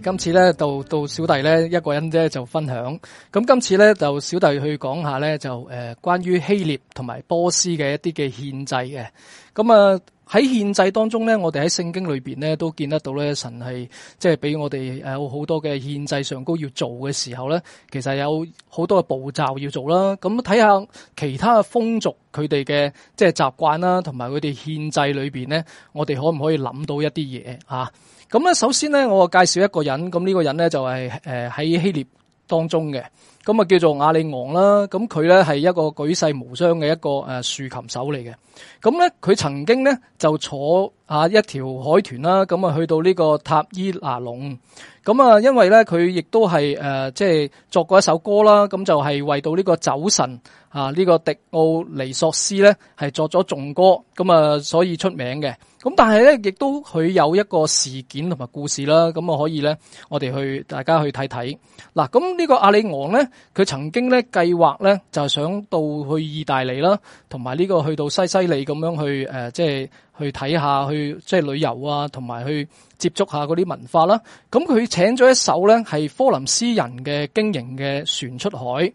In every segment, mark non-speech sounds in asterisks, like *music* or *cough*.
今次咧，到到小弟咧一個人啫，就分享。咁今次咧，就小弟去講下咧，就誒關於希臘同埋波斯嘅一啲嘅獻祭嘅。咁啊喺獻祭當中咧，我哋喺聖經裏邊咧都見得到咧，神係即係俾我哋誒有好多嘅獻祭上高要做嘅時候咧，其實有好多嘅步驟要做啦。咁睇下其他嘅風俗，佢哋嘅即係習慣啦，同埋佢哋獻祭裏邊咧，我哋可唔可以諗到一啲嘢啊？咁咧，首先咧，我介紹一個人，咁、這、呢個人咧就係誒喺希臘當中嘅，咁啊叫做亞利昂啦，咁佢咧係一個舉世無雙嘅一個誒豎琴手嚟嘅，咁咧佢曾經咧就坐啊一條海豚啦，咁啊去到呢個塔伊拿龍，咁啊因為咧佢亦都係誒即係作過一首歌啦，咁就係、是、為到呢個酒神啊呢、這個迪奧尼索斯咧係作咗頌歌，咁啊所以出名嘅。咁但係咧，亦都佢有一個事件同埋故事啦，咁啊可以咧，我哋去大家去睇睇嗱。咁呢個阿里昂呢，佢曾經咧計劃咧就係、想到去意大利啦，同埋呢個去到西西里咁樣去即係、呃就係、去睇下去即係、就係、旅遊啊，同埋去接觸下嗰啲文化啦。咁佢請咗一艘咧係科林斯人嘅經營嘅船出海。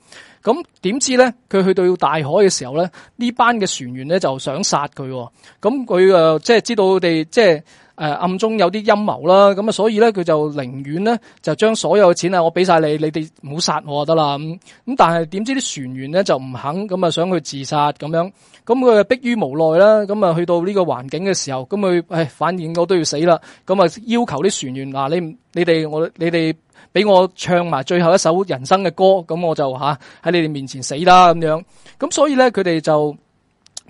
咁點知咧？佢去到大海嘅時候咧，呢班嘅船員咧就想殺佢。咁佢即係知道佢哋即係暗中有啲陰謀啦。咁啊，所以咧佢就寧願咧就將所有嘅錢啊，我俾晒你，你哋唔好殺我就得啦。咁咁，但係點知啲船員咧就唔肯，咁啊想去自殺咁樣。咁佢迫於無奈啦，咁啊去到呢個環境嘅時候，咁佢誒反應我都要死啦。咁啊要求啲船員嗱，你你哋我你哋。俾我唱埋最後一首人生嘅歌，咁我就吓喺你哋面前死啦咁樣。咁所以咧，佢哋就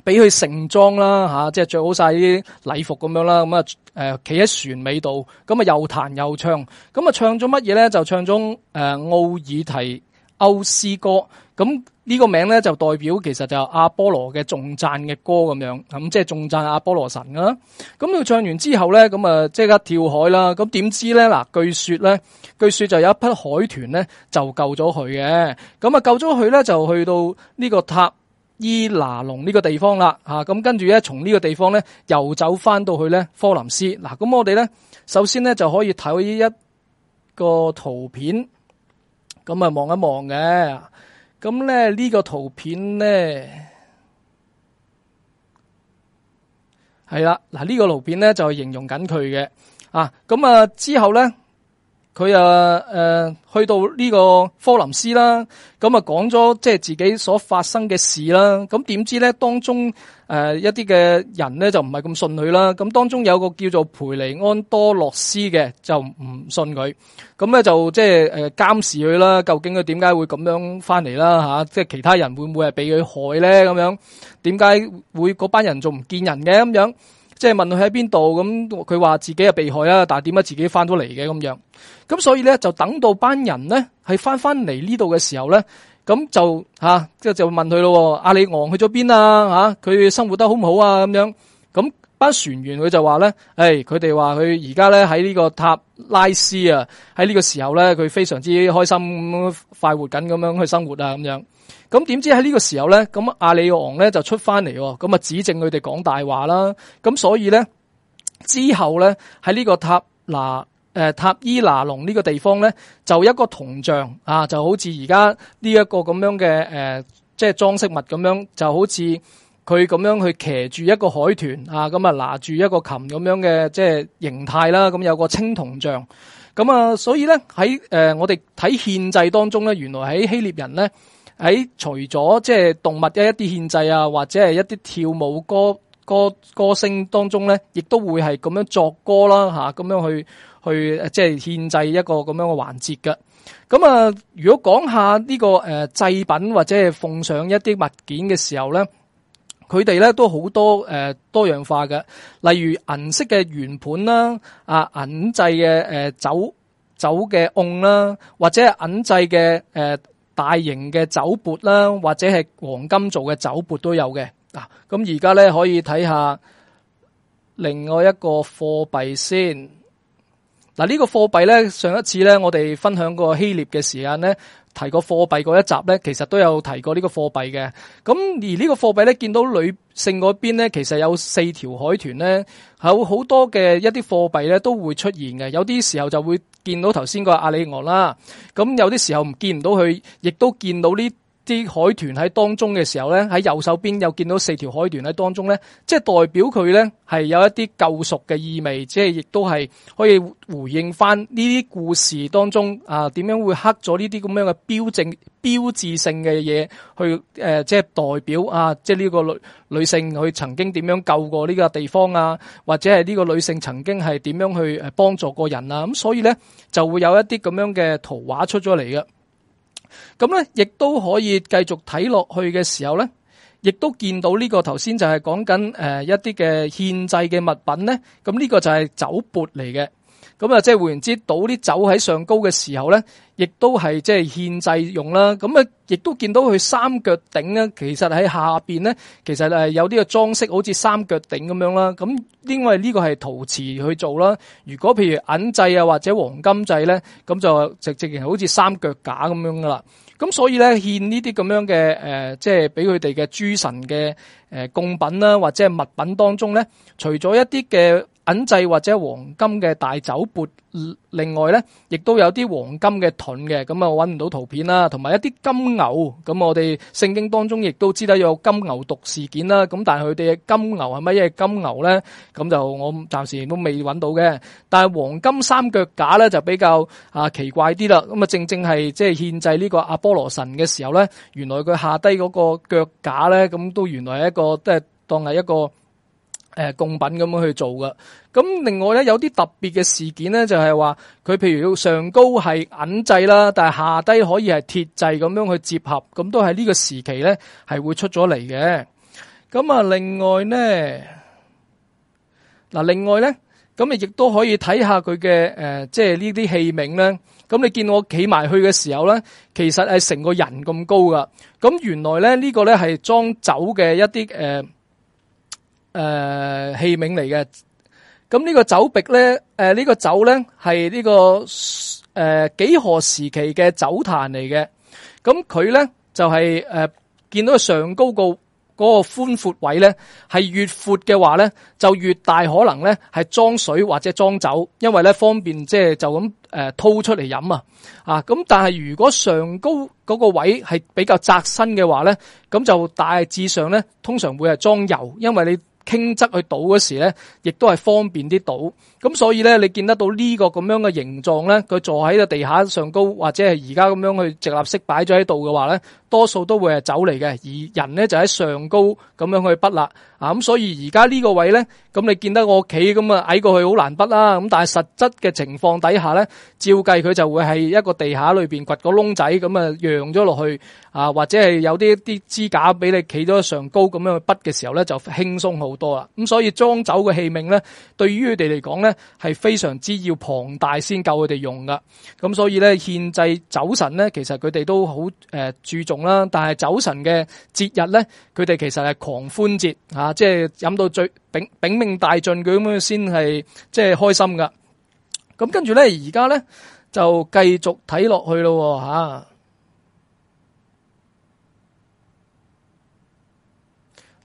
俾佢盛裝啦、吓、即係著好曬啲禮服咁樣啦。咁啊誒，企喺船尾度，咁啊又彈又唱。咁啊唱咗乜嘢咧？就唱咗誒、呃、奧爾提歐斯歌。咁呢個名咧就代表其實就阿波羅嘅頌讚嘅歌咁樣，咁即係頌讚阿波羅神噶、啊、啦。咁佢唱完之後咧，咁啊即刻跳海啦。咁點知咧？嗱，據說咧，據說就有一匹海豚咧就救咗佢嘅。咁啊救咗佢咧，就去到呢個塔伊拿龍呢個地方啦。吓，咁跟住咧，從呢個地方咧遊走翻到去咧科林斯。嗱，咁我哋咧首先咧就可以睇呢一個圖片，咁啊望一望嘅。咁咧呢個圖片咧係啦，嗱呢個圖片咧就係形容緊佢嘅啊，咁啊之後咧佢啊誒、呃、去到呢個科林斯啦，咁啊講咗即係自己所發生嘅事啦，咁點知咧當中。誒、呃、一啲嘅人咧就唔係咁信佢啦，咁當中有個叫做培尼安多洛斯嘅就唔信佢，咁咧就即係誒監視佢啦，究竟佢點解會咁樣翻嚟啦嚇？即係其他人會唔會係俾佢害咧咁樣？點解會嗰班人仲唔見人嘅咁樣？即係問佢喺邊度？咁佢話自己係被害啦，但係點解自己翻到嚟嘅咁樣？咁所以咧就等到班人咧係翻翻嚟呢度嘅時候咧。咁就吓，即、啊、係就，就問佢咯，阿里昂去咗邊啊？吓、啊，佢生活得好唔好啊？咁樣，咁班船員佢就話咧，誒、哎，佢哋話佢而家咧喺呢個塔拉斯啊，喺呢個時候咧，佢非常之開心、嗯、快活緊，咁樣去生活啊，咁樣。咁點知喺呢個時候咧，咁阿里昂咧就出翻嚟，咁啊指證佢哋講大話啦。咁所以咧之後咧喺呢個塔拉誒、呃、塔伊拿龍呢個地方咧，就一個銅像啊，就好似而家呢一個咁樣嘅即係裝飾物咁樣，就好似佢咁樣去騎住一個海豚啊，咁啊拿住一個琴咁樣嘅即係形態啦。咁、啊、有個青銅像咁啊，所以咧喺誒我哋睇獻祭當中咧，原來喺希臘人咧喺除咗即係動物嘅一啲獻祭啊，或者係一啲跳舞歌歌歌聲當中咧，亦都會係咁樣作歌啦吓，咁、啊、樣去。去即係獻祭一個咁樣嘅環節嘅，咁啊，如果講下呢、這個誒祭、呃、品或者係奉上一啲物件嘅時候咧，佢哋咧都好多誒、呃、多樣化嘅，例如銀色嘅圓盤啦，啊銀製嘅誒酒酒嘅甕啦，或者係銀製嘅誒大型嘅酒鉢啦，或者係黃金做嘅酒鉢都有嘅啊。咁而家咧可以睇下另外一個貨幣先。嗱，呢個貨幣咧，上一次咧我哋分享過希臘嘅時間咧，提過貨幣嗰一集咧，其實都有提過個貨幣個貨幣呢個貨幣嘅。咁而呢個貨幣咧，見到女性嗰邊咧，其實有四條海豚咧，有好多嘅一啲貨幣咧都會出現嘅。有啲時候就會見到頭先個阿里昂啦。咁有啲時候唔見唔到佢，亦都見到呢。啲海豚喺當中嘅時候咧，喺右手邊又見到四條海豚喺當中咧，即係代表佢咧係有一啲救贖嘅意味，即係亦都係可以回應翻呢啲故事當中啊點樣會刻咗呢啲咁樣嘅標誌標誌性嘅嘢去誒、呃、即係代表啊，即係呢個女女性去曾經點樣救過呢個地方啊，或者係呢個女性曾經係點樣去幫助過人啊，咁所以咧就會有一啲咁樣嘅圖畫出咗嚟嘅。咁咧，亦都可以繼續睇落去嘅時候咧，亦都見到呢個頭先就係講緊誒一啲嘅獻祭嘅物品咧，咁、這、呢個就係酒缽嚟嘅。咁啊，即係換言之，倒啲酒喺上高嘅時候咧，亦都係即係獻祭用啦。咁啊，亦都見到佢三腳鼎咧，其實喺下面咧，其實誒有啲嘅裝飾，好似三腳鼎咁樣啦。咁因為呢個係陶瓷去做啦，如果譬如銀製啊或者黃金製咧，咁就直直然好似三腳架咁樣噶啦。咁所以咧，獻呢啲咁樣嘅誒，即係俾佢哋嘅諸神嘅誒供品啦，或者係物品當中咧，除咗一啲嘅，銀製或者黃金嘅大酒缽，另外咧，亦都有啲黃金嘅盾嘅，咁啊，揾唔到圖片啦，同埋一啲金牛，咁我哋聖經當中亦都知得有金牛犢事件啦，咁但係佢哋嘅金牛係乜嘢金牛咧？咁就我暫時都未揾到嘅。但係黃金三腳架咧就比較啊奇怪啲啦，咁啊正正係即係獻祭呢個阿波羅神嘅時候咧，原來佢下低嗰個腳架咧，咁都原來係一個即係當係一個。當誒供品咁樣去做㗎。咁另外咧，有啲特別嘅事件咧，就係話佢譬如要上高係銀製啦，但係下低可以係鐵製咁樣去接合，咁都係呢個時期咧係會出咗嚟嘅。咁啊，另外呢，嗱，另外咧，咁你亦都可以睇下佢嘅即係呢啲器皿咧。咁你見我企埋去嘅時候咧，其實係成個人咁高噶。咁原來咧呢，呢個咧係裝酒嘅一啲誒誒，器皿嚟嘅，咁呢個酒壁咧，誒、呃、呢、這個酒咧係呢、這個誒、呃、幾何時期嘅酒壇嚟嘅，咁佢咧就係、是、誒、呃、見到上高個個寬闊位咧，係越闊嘅話咧，就越大可能咧係裝水或者裝酒，因為咧方便即係就咁誒、呃、掏出嚟飲啊，啊咁但係如果上高嗰個位係比較窄身嘅話咧，咁就大致上咧通常會係裝油，因為你。傾側去倒嗰時咧，亦都係方便啲倒。咁所以咧，你見得到呢個咁樣嘅形狀咧，佢坐喺個地下上高，或者係而家咁樣去直立式擺咗喺度嘅話咧，多數都會係酒嚟嘅，而人咧就喺上高咁樣去筆啦。啊，咁所以而家呢個位咧，咁你見得我企咁啊矮過去好難筆啦。咁但係實質嘅情況底下咧，照計佢就會係一個地下裏面掘個窿仔咁啊，讓咗落去啊，或者係有啲啲支架俾你企咗上高咁樣去筆嘅時候咧，就輕鬆好多啦。咁所以裝酒嘅器皿咧，對於佢哋嚟講咧，係非常之要龐大先夠佢哋用噶，咁所以咧，獻祭酒神咧，其實佢哋都好誒、呃、注重啦。但係酒神嘅節日咧，佢哋其實係狂歡節，吓、啊，即係飲到最秉秉命大盡，佢咁樣先係即係開心噶。咁、啊、跟住咧，而家咧就繼續睇落去咯，吓、啊、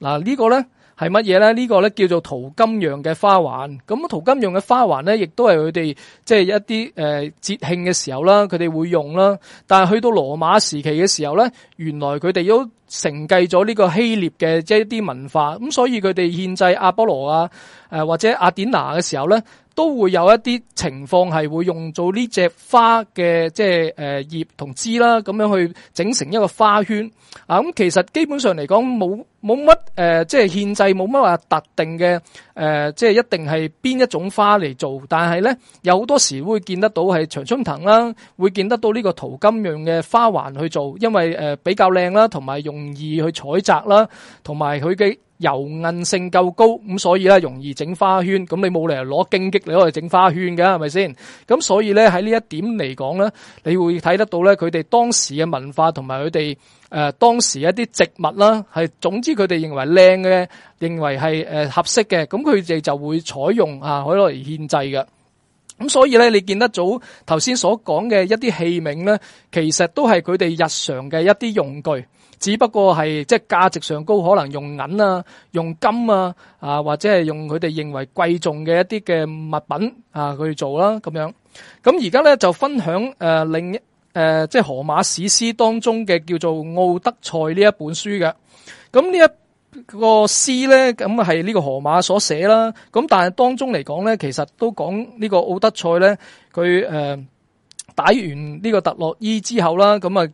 嗱、這個、呢個咧係乜嘢咧？呢個咧叫做桃金娘嘅花環。咁啊，桃金娘嘅花環咧，亦都係佢哋即係一啲誒節慶嘅時候啦，佢哋會用啦。但係去到羅馬時期嘅時候咧，原來佢哋都承繼咗呢個希臘嘅即係一啲文化。咁所以佢哋獻祭阿波羅啊，誒或者阿典娜嘅時候咧，都會有一啲情況係會用做呢隻花嘅即係誒葉同枝啦，咁樣去整成一個花圈。啊，咁其實基本上嚟講冇。冇乜誒，即係限制，冇乜話特定嘅誒，即係一定係邊一種花嚟做。但係咧，有好多時會見得到係常春藤啦，會見得到呢個陶金樣嘅花環去做，因為誒比較靚啦，同埋容易去採集採摘啦，同埋佢嘅柔韌性夠高，咁所以咧容易整花圈。咁你冇理由攞荊棘嚟攞去整花圈㗎係咪先？咁所以咧喺呢一點嚟講咧，你會睇得到咧佢哋當時嘅文化同埋佢哋。誒當時一啲植物啦，係總之佢哋認為靚嘅，認為係誒合適嘅，咁佢哋就會採用啊，攞嚟獻祭嘅。咁所以咧，你見得早頭先所講嘅一啲器皿咧，其實都係佢哋日常嘅一啲用具，只不過係即係價值上高，可能用銀啊、用金啊啊，或者係用佢哋認為貴重嘅一啲嘅物品啊去做啦咁樣。咁而家咧就分享誒另一。誒、呃，即係《河馬史詩》當中嘅叫做《奧德賽》呢一本書嘅。咁呢一個詩咧，咁係呢個河馬所寫啦。咁但係當中嚟講咧，其實都講呢個奧德賽咧，佢誒、呃、打完呢個特洛伊之後啦，咁啊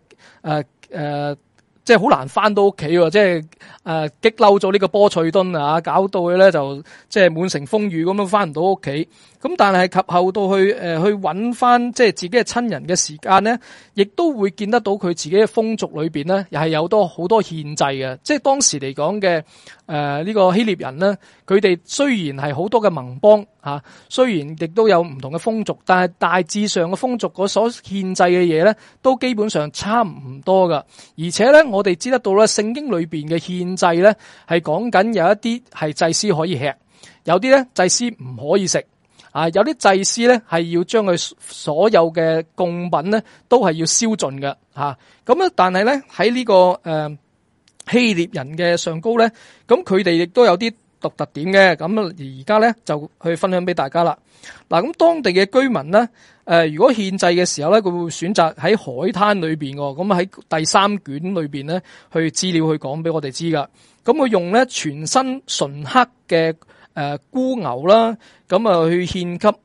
誒誒，即係好難翻到屋企喎。即係誒激嬲咗呢個波塞頓啊，搞到佢咧就即係滿城風雨咁樣翻唔到屋企。咁但係及後到去誒、呃、去揾翻，即係自己嘅親人嘅時間咧，亦都會見得到佢自己嘅風俗裏面咧，又係有多好多限制嘅。即係當時嚟講嘅呢、呃、呢個希臘人咧，佢哋雖然係好多嘅盟邦，啊、雖然亦都有唔同嘅風俗，但係大致上嘅風俗嗰所限制嘅嘢咧，都基本上差唔多噶。而且咧，我哋知得到咧，聖經裏面嘅限制咧，係講緊有一啲係祭司可以吃，有啲咧祭司唔可以食。啊！有啲祭司咧，係要將佢所有嘅供品咧，都係要燒盡嘅㗎。咁但係咧喺呢、這個誒、呃、希臘人嘅上高咧，咁佢哋亦都有啲獨特點嘅。咁而家咧就去分享俾大家啦。嗱、啊，咁當地嘅居民咧，誒、呃、如果獻祭嘅時候咧，佢會選擇喺海灘裏面喎。咁喺第三卷裏面咧，去資料去講俾我哋知噶。咁佢用咧全身純黑嘅。誒、呃，孤牛啦，咁啊去獻給誒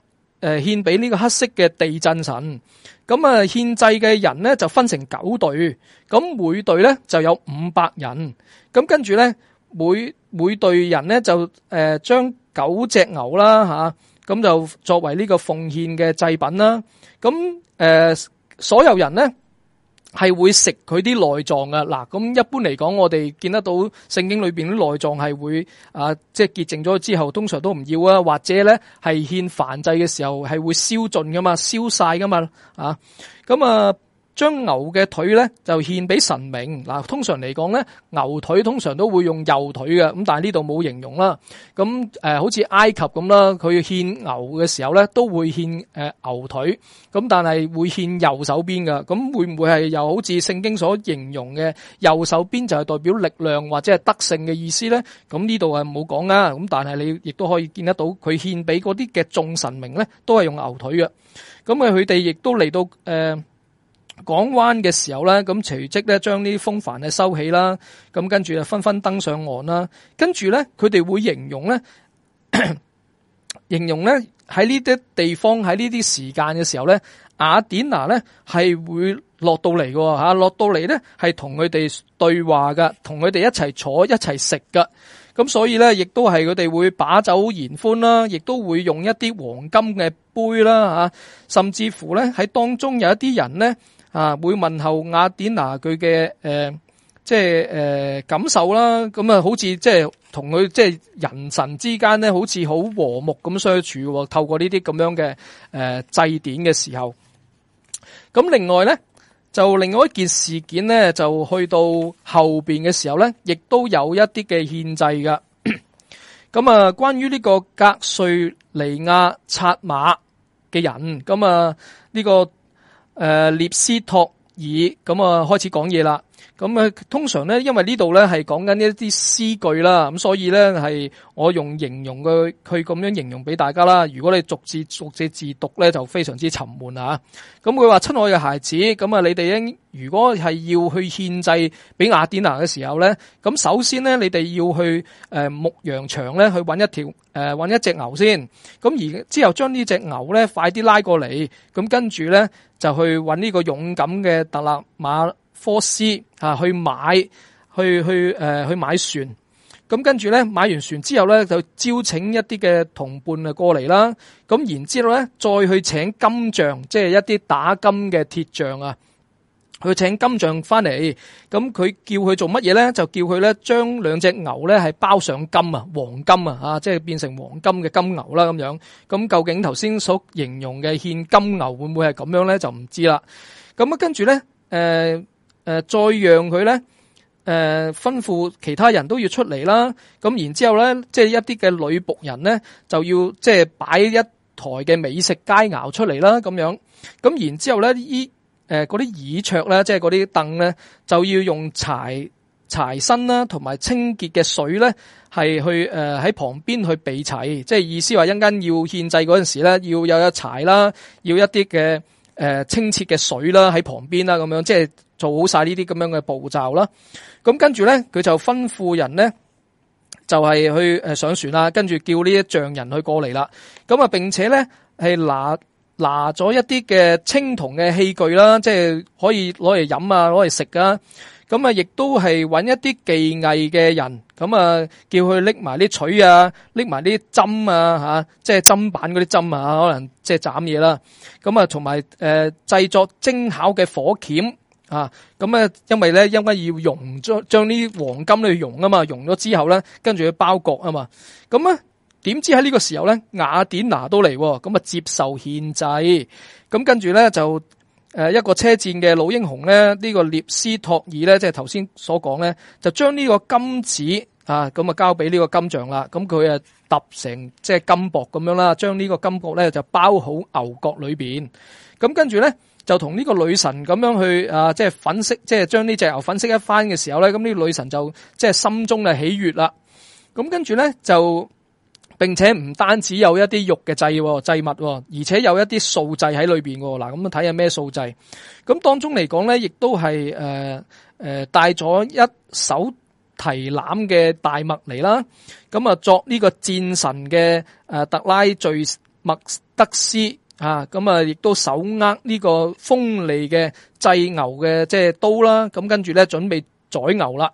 獻俾呢個黑色嘅地震神，咁啊獻祭嘅人咧就分成九隊，咁、啊、每隊咧就有五百人，咁、啊、跟住咧每每隊人咧就誒將、啊、九隻牛啦吓，咁、啊啊、就作為呢個奉獻嘅祭品啦，咁、啊、誒、啊、所有人咧。係會食佢啲內臟噶，嗱，咁一般嚟講，我哋見得到聖經裏邊啲內臟係會啊，即係潔淨咗之後，通常都唔要啊，或者咧係獻燔祭嘅時候係會燒盡噶嘛，燒晒噶嘛，啊咁啊。將牛嘅腿咧就獻俾神明嗱。通常嚟講咧，牛腿通常都會用右腿嘅咁，但係呢度冇形容啦。咁誒、呃，好似埃及咁啦，佢獻牛嘅時候咧都會獻誒、呃、牛腿咁，但係會獻右手邊嘅咁，會唔會係又好似聖經所形容嘅右手邊就係代表力量或者係德性嘅意思咧？咁呢度係冇講啦。咁但係你亦都可以見得到佢獻俾嗰啲嘅眾神明咧，都係用牛腿嘅。咁啊，佢哋亦都嚟到誒。港灣嘅時候咧，咁隨即咧將呢啲風帆咧收起啦，咁跟住就紛紛登上岸啦。跟住咧，佢哋會形容咧， *coughs* 形容咧喺呢啲地方喺呢啲時間嘅時候咧，雅典娜咧係會落到嚟嘅吓，落到嚟咧係同佢哋對話㗎，同佢哋一齊坐一齊食㗎。咁所以咧，亦都係佢哋會把酒言歡啦，亦都會用一啲黃金嘅杯啦吓，甚至乎咧喺當中有一啲人咧。啊會問候雅典娜佢嘅誒，即係誒、呃、感受啦。咁、嗯、啊，好似即係同佢即係人神之間咧，好似好和睦咁相處。透過呢啲咁樣嘅誒、呃、祭典嘅時候，咁、嗯、另外咧，就另外一件事件咧，就去到後邊嘅時候咧，亦都有一啲嘅限制噶。咁啊、 *coughs* 嗯，關於呢個格瑞尼亞策馬嘅人，咁啊呢個。誒，聶、呃、斯托爾咁啊，開始講嘢啦。咁啊，通常咧，因為呢度咧係講緊一啲詩句啦，咁所以咧係我用形容佢，佢咁樣形容俾大家啦。如果你逐字逐字字讀咧，就非常之沉悶啊。咁佢話，親愛嘅孩子，咁啊，你哋應如果係要去獻祭俾雅典娜嘅時候咧，咁首先咧，你哋要去誒牧羊場咧去揾一條誒揾一隻牛先，咁而之後將呢隻牛咧快啲拉過嚟，咁跟住咧就去揾呢個勇敢嘅特勒馬。科斯啊，去買去去誒，去買船。咁跟住咧，買完船之後咧，就招請一啲嘅同伴啊過嚟啦。咁然之後咧，再去請金匠，即係一啲打金嘅鐵匠啊，去請金匠翻嚟。咁佢叫佢做乜嘢咧？就叫佢咧將兩隻牛咧係包上金啊，黃金啊，吓即係變成黃金嘅金牛啦咁樣。咁究竟頭先所形容嘅獻金牛會唔會係咁樣咧？就唔知啦。咁啊，跟住咧，誒。誒、呃、再讓佢咧，誒、呃、吩咐其他人都要出嚟啦。咁然之後咧，即係一啲嘅女僕人咧，就要即係擺一台嘅美食佳餚出嚟啦。咁樣，咁然之後咧，依誒嗰啲椅桌咧，即係嗰啲凳咧，就要用柴柴薪啦，同埋清潔嘅水咧，係去誒喺、呃、旁邊去備齊。即係意思話，一間要獻祭嗰陣時咧，要有一柴啦，要一啲嘅。誒，清澈嘅水啦，喺旁邊啦，咁樣即係做好晒呢啲咁樣嘅步驟啦。咁跟住咧，佢就吩咐人咧，就係去誒上船啦。跟住叫呢一匠人去過嚟啦。咁啊，並且咧係拿拿咗一啲嘅青銅嘅器具啦，即係可以攞嚟飲啊，攞嚟食呀。咁啊，亦都係揾一啲技藝嘅人，咁啊叫佢拎埋啲錘啊，拎埋啲針啊，吓，即係砧板嗰啲針啊，可能即係斬嘢啦。咁啊，同埋誒製作精巧嘅火鉗啊。咁啊，因為咧，因為要溶咗，將啲黃金咧，要熔啊嘛，溶咗之後咧，跟住去包角啊嘛。咁啊，點知喺呢個時候咧，雅典娜都嚟，咁啊接受獻祭。咁跟住咧就。誒一個車戰嘅老英雄咧，呢個涅斯托爾咧，即係頭先所講咧，就將呢個金子啊咁啊交俾呢個金匠啦。咁佢啊揼成即金箔咁樣啦，將呢個金箔咧就包好牛角裏面。咁跟住咧就同呢個女神咁樣去啊，即係粉飾，即係將呢隻牛粉飾一番嘅時候咧，咁呢個女神就即係心中啊喜悅啦。咁跟住咧就。並且唔單止有一啲肉嘅祭祭物，而且有一啲素祭喺裏邊。嗱，咁啊睇下咩素祭。咁當中嚟講咧，亦都係誒誒帶咗一手提籃嘅大麥嚟啦。咁啊，作呢個戰神嘅誒、呃、特拉最麥德斯啊，咁啊，亦都手握呢個鋒利嘅祭牛嘅即係刀啦。咁跟住咧，準備宰牛啦。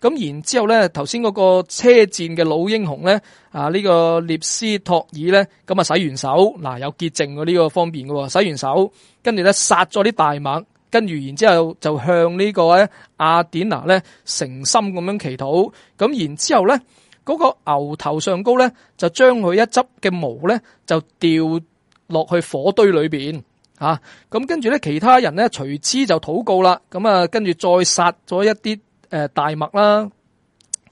咁然之後咧，頭先嗰個車戰嘅老英雄咧，啊、這、呢個涅斯托爾咧，咁啊洗完手，嗱有潔淨嘅呢個方便嘅喎，洗完手，跟住咧殺咗啲大猛，跟住然之後就向呢個阿典娜咧誠心咁樣祈禱，咁然之後咧嗰個牛頭上高咧就將佢一執嘅毛咧就掉落去火堆裏面。咁跟住咧其他人咧隨之就禱告啦，咁啊跟住再殺咗一啲。呃、大麥啦，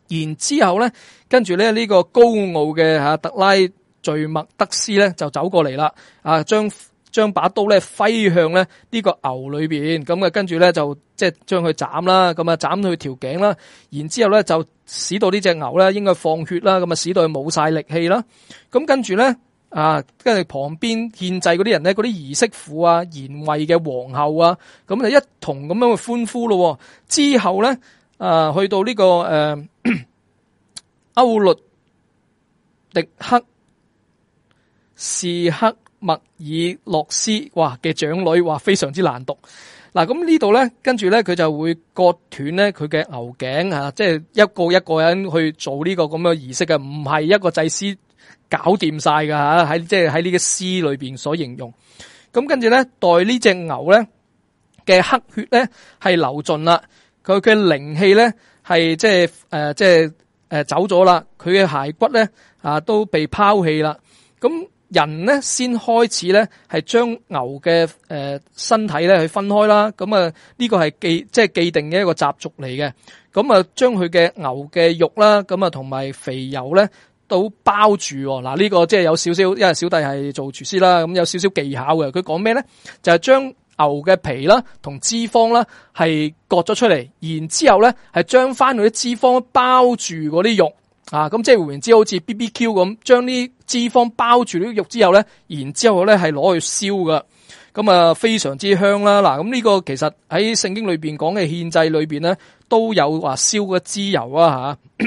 然之後咧，跟住咧呢、這個高傲嘅特、啊、拉聚麥德斯咧就走過嚟啦，啊將將把刀咧揮向咧呢、這個牛裏面。咁啊跟住咧就即係將佢斬啦，咁啊斬佢條頸啦，然之後咧就使到呢隻牛咧應該放血啦，咁啊使到佢冇曬力氣啦，咁跟住咧啊跟住旁邊獻祭嗰啲人咧，嗰啲兒媳婦啊、賢惠嘅皇后啊，咁就一同咁樣去歡呼咯，之後咧。啊，去到呢、這個誒，歐、呃、律迪克士克麥爾洛斯哇嘅長女哇非常之難讀。嗱、啊、咁呢度咧，跟住咧佢就會割斷咧佢嘅牛頸啊，即係一個一個人去做呢個咁嘅儀式嘅，唔係一個祭司搞掂晒噶吓，喺即係喺呢個詩裏邊所形容。咁、啊、跟住咧，代隻呢隻牛咧嘅黑血咧係流盡啦。佢嘅靈氣咧係即係誒即係誒走咗啦，佢嘅骸骨咧啊都被拋棄啦。咁人咧先開始咧係將牛嘅誒身體咧去分開啦。咁啊呢個係既即係既定嘅一個習俗嚟嘅。咁啊將佢嘅牛嘅肉啦，咁啊同埋肥油咧都包住。嗱呢個即係有少少，因為小弟係做廚師啦，咁有少少技巧嘅。佢講咩咧？就係將牛嘅皮啦，同脂肪啦，係割咗出嚟，然之後咧係將翻嗰啲脂肪包住嗰啲肉，啊，咁即係完之後好似 B B Q 咁，將啲脂肪包住啲肉之後咧，然之後咧係攞去燒噶，咁啊非常之香啦。嗱、啊，咁、這、呢個其實喺聖經裏邊講嘅獻祭裏邊咧，都有話燒個脂油啊，吓。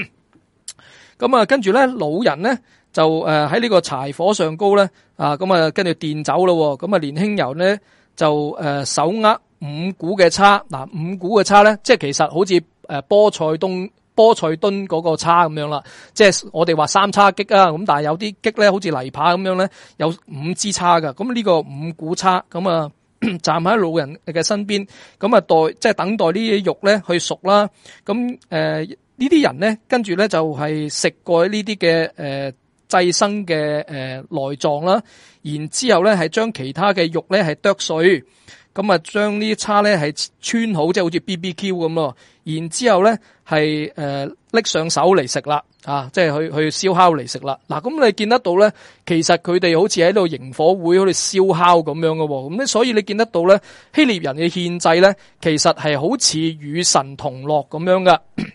咁啊，跟住咧老人咧就誒喺呢個柴火上高咧，啊咁啊跟住電走咯，咁啊年輕人咧。就誒手握五股嘅叉，嗱五股嘅叉咧，即係其實好似波塞冬波塞冬嗰個叉咁樣啦，即係我哋話三叉戟啊，咁但係有啲戟咧，好似泥扒咁樣咧，有五支叉㗎。咁、這、呢個五股叉，咁啊站喺老人嘅身邊，咁啊待即係等待呢啲肉咧去熟啦，咁誒呢啲人咧跟住咧就係食過呢啲嘅誒。祭牲嘅誒內臟啦，然之後咧係將其他嘅肉咧係剁碎，咁啊將呢啲叉咧係穿好，即係好似 BBQ 咁咯。然之後咧係誒拎上手嚟食啦，啊，即係去去燒烤嚟食啦。嗱、啊，咁你見得到咧，其實佢哋好似喺度營火會，好似燒烤咁樣嘅喎。咁所以你見得到咧，希臘人嘅獻祭咧，其實係好似與神同樂咁樣嘅。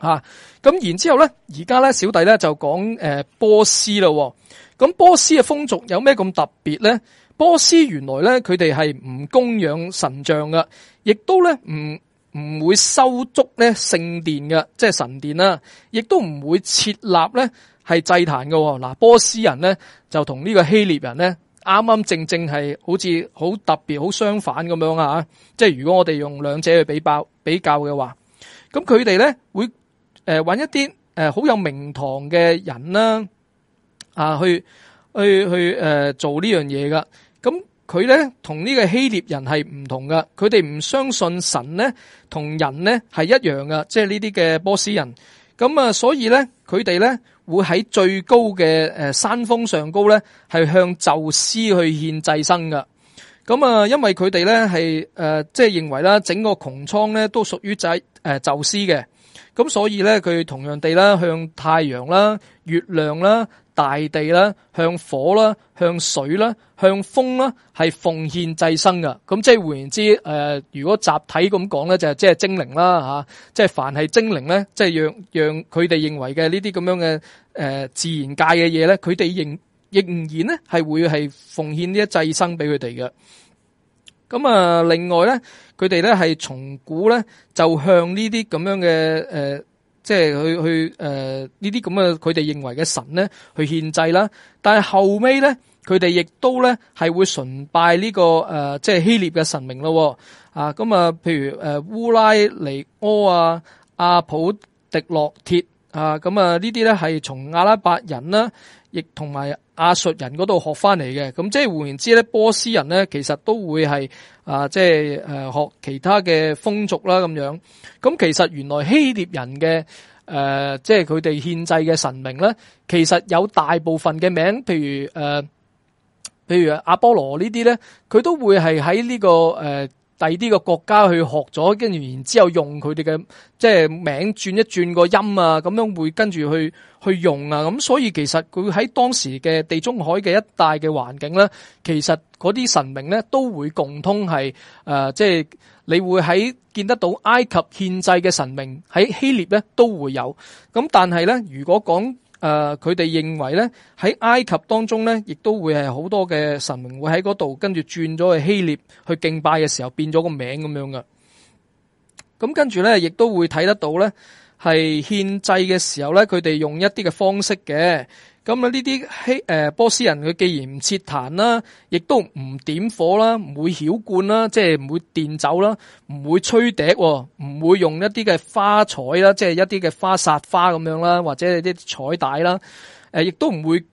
吓咁、啊，然之後咧，而家咧小弟咧就講、呃、波斯啦、哦。咁波斯嘅風俗有咩咁特別咧？波斯原來咧佢哋係唔供養神像嘅，亦都咧唔唔會收足咧聖殿嘅，即係神殿啦、啊。亦都唔會設立咧係祭壇嘅。嗱，波斯人咧就同呢個希臘人咧啱啱正正係好似好特別、好相反咁樣啊！即係如果我哋用兩者去比較比較嘅話，咁佢哋咧會。誒，揾、呃、一啲誒好有名堂嘅人啦、啊，啊，去去去誒、呃、做、嗯、呢樣嘢噶。咁佢咧同呢個希臘人係唔同噶，佢哋唔相信神咧，同人咧係一樣㗎，即係呢啲嘅波斯人。咁、嗯、啊，所以咧佢哋咧會喺最高嘅誒、呃、山峰上高咧，係向宙斯去獻祭牲噶。咁、嗯、啊、嗯，因為佢哋咧係誒即係認為啦，整個穹蒼咧都屬於在誒宙斯嘅。咁所以咧，佢同樣地啦，向太陽啦、月亮啦、大地啦、向火啦、向水啦、向風啦，係奉獻祭生噶。咁即係換言之，誒、呃，如果集體咁講咧，就係即係精靈啦吓，即係凡係精靈咧，即係讓讓佢哋認為嘅呢啲咁樣嘅誒、呃、自然界嘅嘢咧，佢哋仍仍然咧係會係奉獻呢啲祭生俾佢哋嘅。咁啊，另外咧，佢哋咧係從古咧，就向呢啲咁樣嘅，誒、呃，即係去去誒呢啲咁嘅佢哋認為嘅神咧去獻祭啦。但係後尾咧，佢哋亦都咧係會崇拜呢、這個，誒、呃、即係希臘嘅神明咯。啊、呃，咁啊，譬如誒烏拉尼俄啊、阿普迪洛鐵。啊，咁啊，呢啲咧係從阿拉伯人啦，亦同埋亞述人嗰度學翻嚟嘅。咁即係換言之咧，波斯人咧其實都會係啊，即係誒學其他嘅風俗啦咁樣。咁其實原來希臘人嘅誒，即係佢哋獻祭嘅神明咧，其實有大部分嘅名，譬如誒、啊，譬如阿波羅呢啲咧，佢都會係喺呢個誒。啊第啲個國家去學咗，跟住然之後用佢哋嘅即係名轉一轉個音啊，咁樣會跟住去去用啊，咁所以其實佢喺當時嘅地中海嘅一帶嘅環境咧，其實嗰啲神明咧都會共通係誒，即、呃、係、就是、你會喺見得到埃及獻祭嘅神明喺希臘咧都會有，咁但係咧如果講。誒，佢哋、呃、認為咧喺埃及當中咧，亦都會係好多嘅神明會喺嗰度，跟住轉咗去希臘去敬拜嘅時候變咗個名咁樣噶。咁跟住咧，亦都會睇得到咧，係獻祭嘅時候咧，佢哋用一啲嘅方式嘅。咁啊！呢啲希誒波斯人佢既然唔切壇啦，亦都唔點火啦，唔會澆灌啦，即係唔會奠酒啦，唔會吹笛喎，唔會用一啲嘅花彩啦，即係一啲嘅花撒花咁樣啦，或者啲彩帶啦，亦都唔會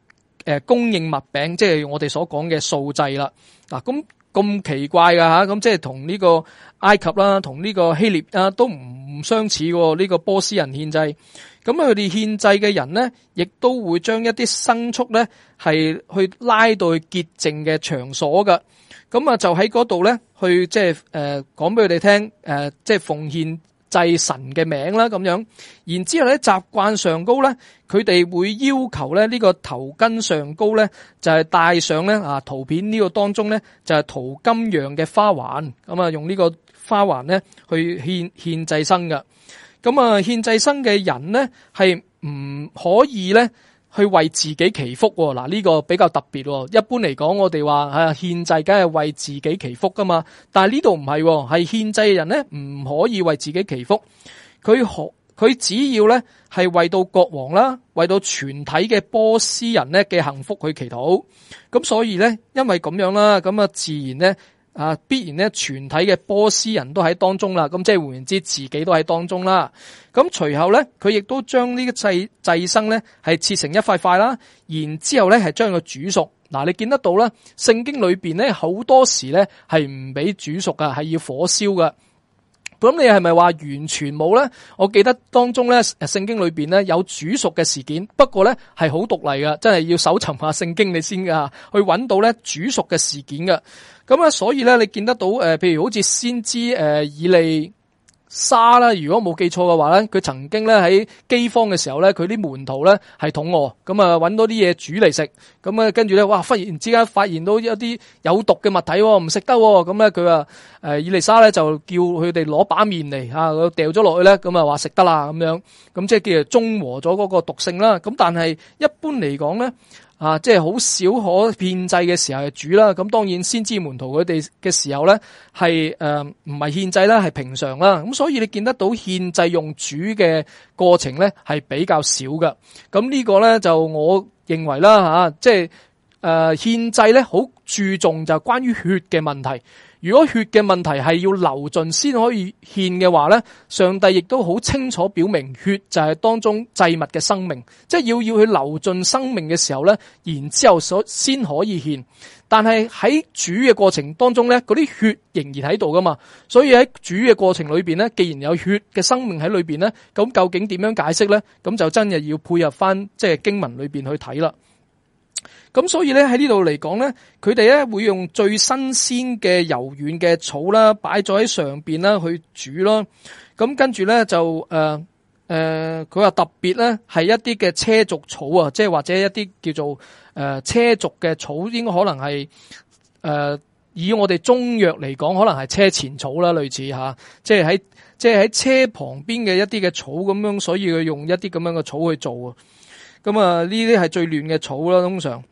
供應物餅，即係我哋所講嘅素祭啦。嗱，咁咁奇怪㗎，嚇，咁即係同呢個埃及啦，同呢個希臘啊，都唔相似喎。呢個波斯人獻祭。咁啊，佢哋獻祭嘅人呢，亦都會將一啲牲畜呢，係去拉到去潔淨嘅場所㗎。咁啊，就喺嗰度呢，去即、就、係、是呃、講俾佢哋聽，即、呃、係、就是、奉獻祭神嘅名啦咁樣。然之後咧，習慣上高呢，佢哋會要求咧呢個頭巾上高呢，就係、是、戴上呢啊圖片呢個當中呢，就係、是、桃金孃嘅花環。咁啊，用呢個花環呢，去獻獻祭牲嘅。咁啊，獻祭生嘅人呢，係唔可以呢去為自己祈福嗱，呢個比較特別。一般嚟講，我哋話係獻祭，梗係為自己祈福噶嘛。但係呢度唔係，係獻祭嘅人呢唔可以為自己祈福。佢可佢只要呢係為到國王啦，為到全體嘅波斯人呢嘅幸福去祈禱。咁所以呢，因為咁樣啦，咁啊，自然呢。啊！必然咧，全體嘅波斯人都喺當中啦。咁即係換言之，自己都喺當中啦。咁隨後咧，佢亦都將呢個祭祭牲咧係切成一塊塊啦，然之後咧係將佢煮熟。嗱，你見得到啦，聖經裏邊咧好多時咧係唔俾煮熟噶，係要火燒噶。咁你係咪話完全冇咧？我記得當中咧聖經裏邊咧有煮熟嘅事件，不過咧係好獨立噶，真係要搜尋下聖經你先噶，去揾到咧煮熟嘅事件噶。咁啊，所以咧，你見得到譬如好似先知、呃、以利沙啦，如果冇記錯嘅話咧，佢曾經咧喺饑荒嘅時候咧，佢啲門徒咧係肚餓，咁啊揾多啲嘢煮嚟食，咁、嗯、啊跟住咧，哇忽然之間發現到一啲有毒嘅物體喎，唔食得喎，咁咧佢話呃、以利沙咧就叫佢哋攞把麵嚟嚇，掉咗落去咧，咁啊話食得啦咁樣，咁、嗯、即係叫做中和咗嗰個毒性啦。咁、嗯、但係一般嚟講咧。啊，即係好少可獻祭嘅時候係煮啦，咁當然先知門徒佢哋嘅時候咧，係誒唔係獻祭啦，係、呃、平常啦，咁所以你見得到獻祭用煮嘅過程咧，係比較少㗎。咁呢個咧就我認為啦，吓、啊，即係誒獻祭咧，好、呃、注重就關於血嘅問題。如果血嘅問題係要流盡先可以獻嘅話呢，上帝亦都好清楚表明，血就係當中祭物嘅生命，即係要要去流盡生命嘅時候呢，然之後所先可以獻。但係喺煮嘅過程當中呢，嗰啲血仍然喺度噶嘛，所以喺煮嘅過程裏邊呢，既然有血嘅生命喺裏邊呢，咁究竟點樣解釋呢？咁就真係要配合翻即係經文裏邊去睇啦。咁所以咧喺呢度嚟講咧，佢哋咧會用最新鮮嘅柔軟嘅草啦，擺咗喺上面啦去煮囉。咁跟住咧就誒誒，佢、呃、話、呃、特別咧係一啲嘅車族草啊，即係或者一啲叫做誒車族嘅草，應該可能係誒、呃、以我哋中藥嚟講，可能係車前草啦，類似下，即係喺即係喺車旁邊嘅一啲嘅草咁樣，所以佢用一啲咁樣嘅草去做啊。咁啊，呢啲係最嫩嘅草啦，通常。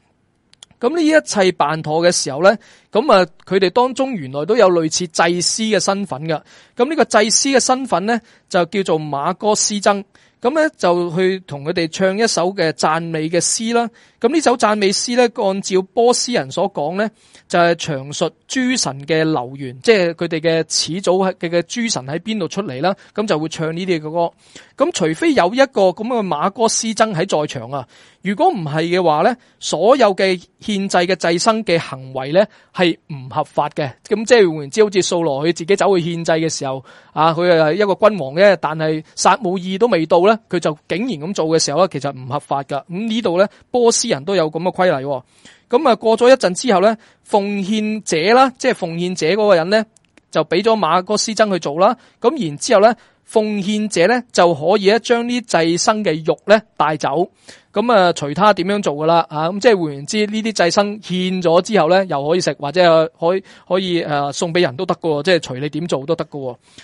咁呢一切辦妥嘅時候咧，咁啊佢哋當中原來都有類似祭司嘅身份嘅。咁呢個祭司嘅身份咧，就叫做馬哥斯曾。咁咧就去同佢哋唱一首嘅讚美嘅詩啦。咁呢首讚美詩咧，按照波斯人所講咧，就係詳述諸神嘅流源，即係佢哋嘅始祖嘅嘅諸神喺邊度出嚟啦。咁就會唱呢啲嘅歌。咁除非有一個咁嘅馬哥斯曾喺在場啊，如果唔係嘅話咧，所有嘅獻祭嘅祭生嘅行為咧係唔合法嘅。咁即係換言之，好似掃羅佢自己走去獻祭嘅時候啊，佢係一個君王嘅，但係撒母耳都未到啦。佢就竟然咁做嘅時候咧，其實唔合法噶。咁呢度咧，波斯人都有咁嘅規例喎。咁啊，過咗一陣之後咧，奉獻者啦，即係奉獻者嗰個人咧。就俾咗馬哥斯增去做啦，咁然之後咧，奉獻者咧就可以咧將呢啲祭牲嘅肉咧帶走，咁啊隨他點樣做噶啦。咁即係換言之，呢啲祭牲獻咗之後咧又可以食，或者可以可以誒送俾人都得噶，即係隨你點做都得噶。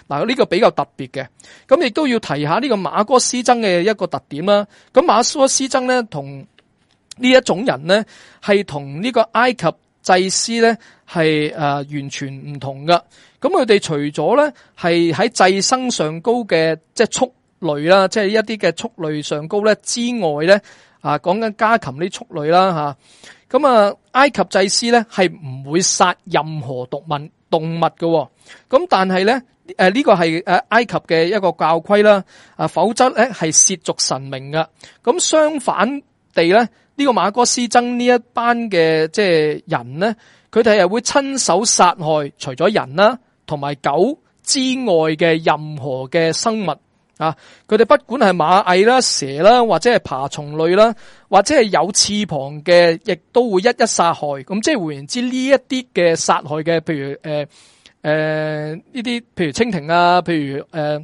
嗱、這、呢個比較特別嘅，咁亦都要提下呢個馬哥斯增嘅一個特點啦。咁馬哥斯增咧同呢一種人咧係同呢個埃及祭司咧係誒完全唔同噶。咁佢哋除咗咧，係喺祭牲上高嘅，即係畜類啦，即係一啲嘅畜類上高咧之外咧，啊，講緊家禽啲畜類啦吓。咁啊，埃及祭司咧係唔會殺任何動物動物動物嘅。咁但係咧，誒、啊、呢、這個係誒埃及嘅一個教規啦。啊，否則咧係褻瀆神明噶。咁、啊、相反地咧，呢、這個馬哥斯爭呢一班嘅即係人咧，佢哋係會親手殺害除咗人啦同埋狗之外嘅任何嘅生物啊，佢哋不管係螞蟻啦、蛇啦，或者係爬蟲類啦，或者係有翅膀嘅，亦都會一一殺害。咁即係換言之，呢一啲嘅殺害嘅，譬如誒誒呢啲，譬如蜻蜓啊，譬如誒、呃、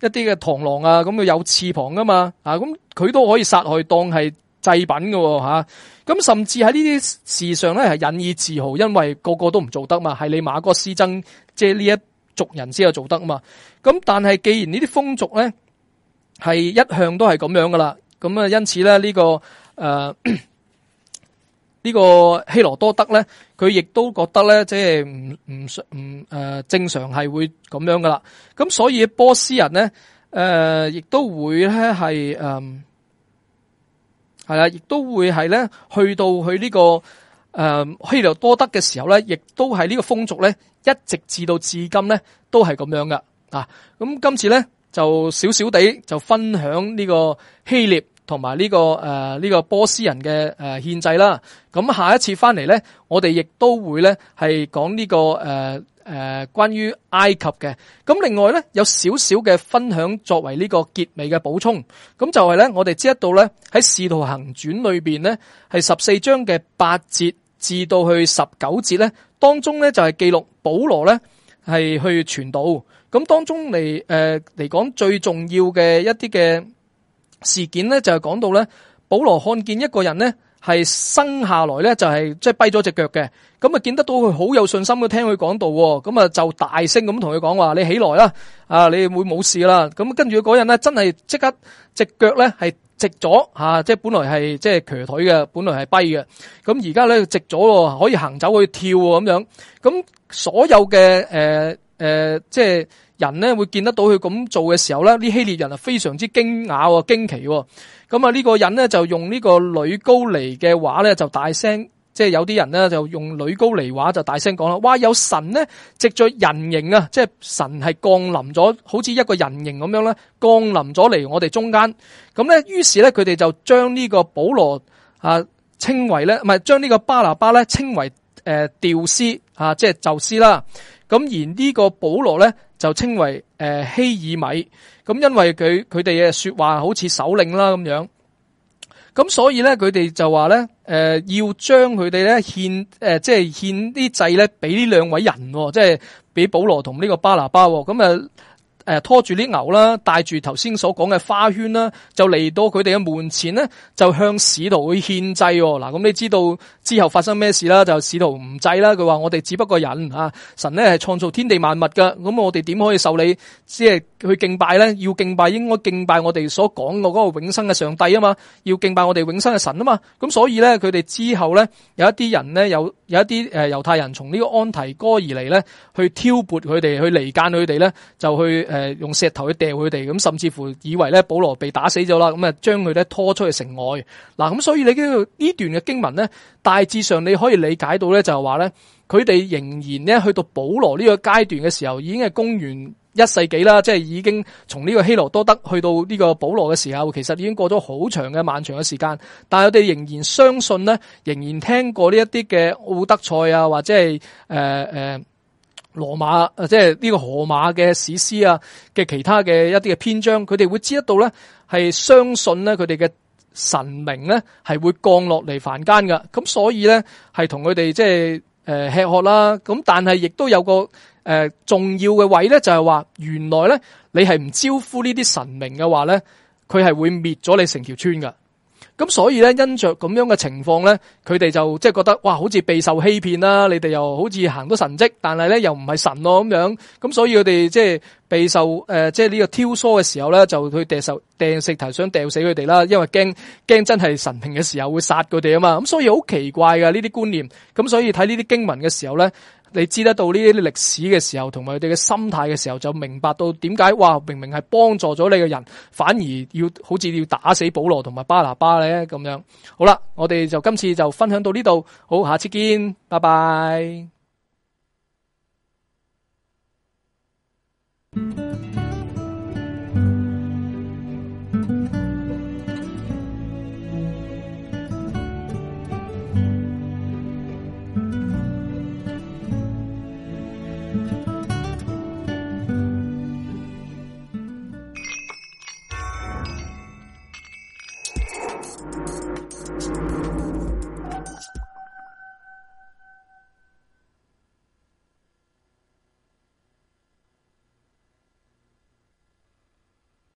一啲嘅螳螂啊，咁佢有翅膀㗎嘛啊，咁佢都可以殺害當係祭品噶吓、啊。咁、啊、甚至喺呢啲事上咧，係引以自豪，因為個個都唔做得嘛，係你馬哥施增。即係呢一族人先有做得啊嘛？咁但係既然呢啲風俗咧係一向都係咁樣噶啦，咁啊，因此咧、這、呢個誒呢、呃這個希羅多德咧，佢亦都覺得咧，即係唔唔唔誒正常係會咁樣噶啦。咁所以波斯人咧誒，亦、呃、都會咧係誒係啦，亦、呃、都會係咧去到去呢、這個。誒、嗯，希羅多德嘅時候咧，亦都係呢個風俗咧，一直至到至今咧，都係咁樣噶。啊，咁今次咧就少少地就分享呢個希臘同埋呢個誒呢、啊這個波斯人嘅誒、啊、獻祭啦。咁、啊、下一次翻嚟咧，我哋亦都會咧係講呢、這個誒。啊誒，關於埃及嘅咁，另外咧有少少嘅分享作為呢個結尾嘅補充，咁就係咧，我哋知道咧喺《使徒行傳》裏邊咧，係十四章嘅八節至到去十九節咧，當中咧就係記錄保羅咧係去傳道，咁當中嚟誒嚟講最重要嘅一啲嘅事件咧，就係講到咧，保羅看見一個人咧。係生下來咧就係即係跛咗隻腳嘅，咁、就、啊、是、見得到佢好有信心嘅，聽佢講道，咁啊就大聲咁同佢講話，你起來啦，啊你會冇事啦，咁跟住嗰人咧真係即刻隻腳咧係直咗吓、啊，即係本來係即係瘸腿嘅，本來係跛嘅，咁而家咧直咗喎，可以行走去跳喎。咁樣，咁所有嘅誒誒即係。人咧會見得到佢咁做嘅時候咧，啲希臘人啊非常之驚訝喎，驚奇喎、哦。咁啊呢個人咧就用個呢個呂高尼嘅話咧就大聲，即、就、係、是、有啲人咧就用呂高尼話就大聲講啦。哇！有神咧，藉著人形啊，即係神係降臨咗，好似一個人形咁樣咧，降臨咗嚟我哋中間。咁咧，於是咧佢哋就將呢個保羅啊稱為咧，唔係將呢個巴拿巴咧稱為誒、呃、丟斯啊，即係宙斯啦。咁而呢個保羅咧就稱為誒、呃、希耳米，咁因為佢佢哋嘅說話好似首領啦咁樣，咁所以咧佢哋就話咧誒要將佢哋咧獻誒即係獻啲祭咧俾呢兩位人，哦、即係俾保羅同呢個巴拿巴，咁、哦、啊。呃誒拖住啲牛啦，帶住頭先所講嘅花圈啦，就嚟到佢哋嘅門前咧，就向使徒去獻祭喎、哦。嗱，咁你知道之後發生咩事啦？就使徒唔制啦。佢話：我哋只不過人啊，神咧係創造天地萬物㗎。咁我哋點可以受理即係去敬拜咧？要敬拜應該敬拜我哋所講嘅嗰個永生嘅上帝啊嘛，要敬拜我哋永生嘅神啊嘛。咁所以咧，佢哋之後咧有一啲人咧有有一啲誒猶太人從呢個安提哥而嚟咧，去挑撥佢哋去離間佢哋咧，就去、呃誒，用石頭去掟佢哋，咁甚至乎以為咧保羅被打死咗啦，咁啊將佢咧拖出去城外。嗱、啊，咁所以你呢段嘅經文咧，大致上你可以理解到咧，就係話咧，佢哋仍然咧去到保羅呢個階段嘅時候，已經係公元一世紀啦，即係已經從呢個希羅多德去到呢個保羅嘅時候，其實已經過咗好長嘅漫長嘅時間，但係我哋仍然相信咧，仍然聽過呢一啲嘅奧德賽啊，或者係誒誒。呃呃、河馬，即係呢個河馬嘅史詩啊，嘅其他嘅一啲嘅篇章，佢哋會知得到咧，係相信咧佢哋嘅神明咧係會降落嚟凡間噶，咁所以咧係同佢哋即係誒吃喝啦，咁但係亦都有個誒、呃、重要嘅位咧，就係話原來咧你係唔招呼呢啲神明嘅話咧，佢係會滅咗你成條村噶。咁所以咧，因着咁樣嘅情況咧，佢哋就即係覺得，哇，好似備受欺騙啦，啊！你哋又好似行到神蹟，但係咧又唔係神咯，啊，咁樣。咁所以佢哋即係備受、呃、即係呢個挑唆嘅時候咧，就去掟石掟石頭，想掟死佢哋啦，因為驚驚真係神明嘅時候會殺佢哋啊嘛。咁所以好奇怪㗎呢啲觀念。咁所以睇呢啲經文嘅時候咧。你知得到呢啲歷史嘅時候，同埋佢哋嘅心態嘅時候，就明白到點解，哇，明明係幫助咗你嘅人，反而要好似要打死保羅同埋巴拿巴咧咁樣。好啦，我哋就今次就分享到呢度，好，下次見，拜拜。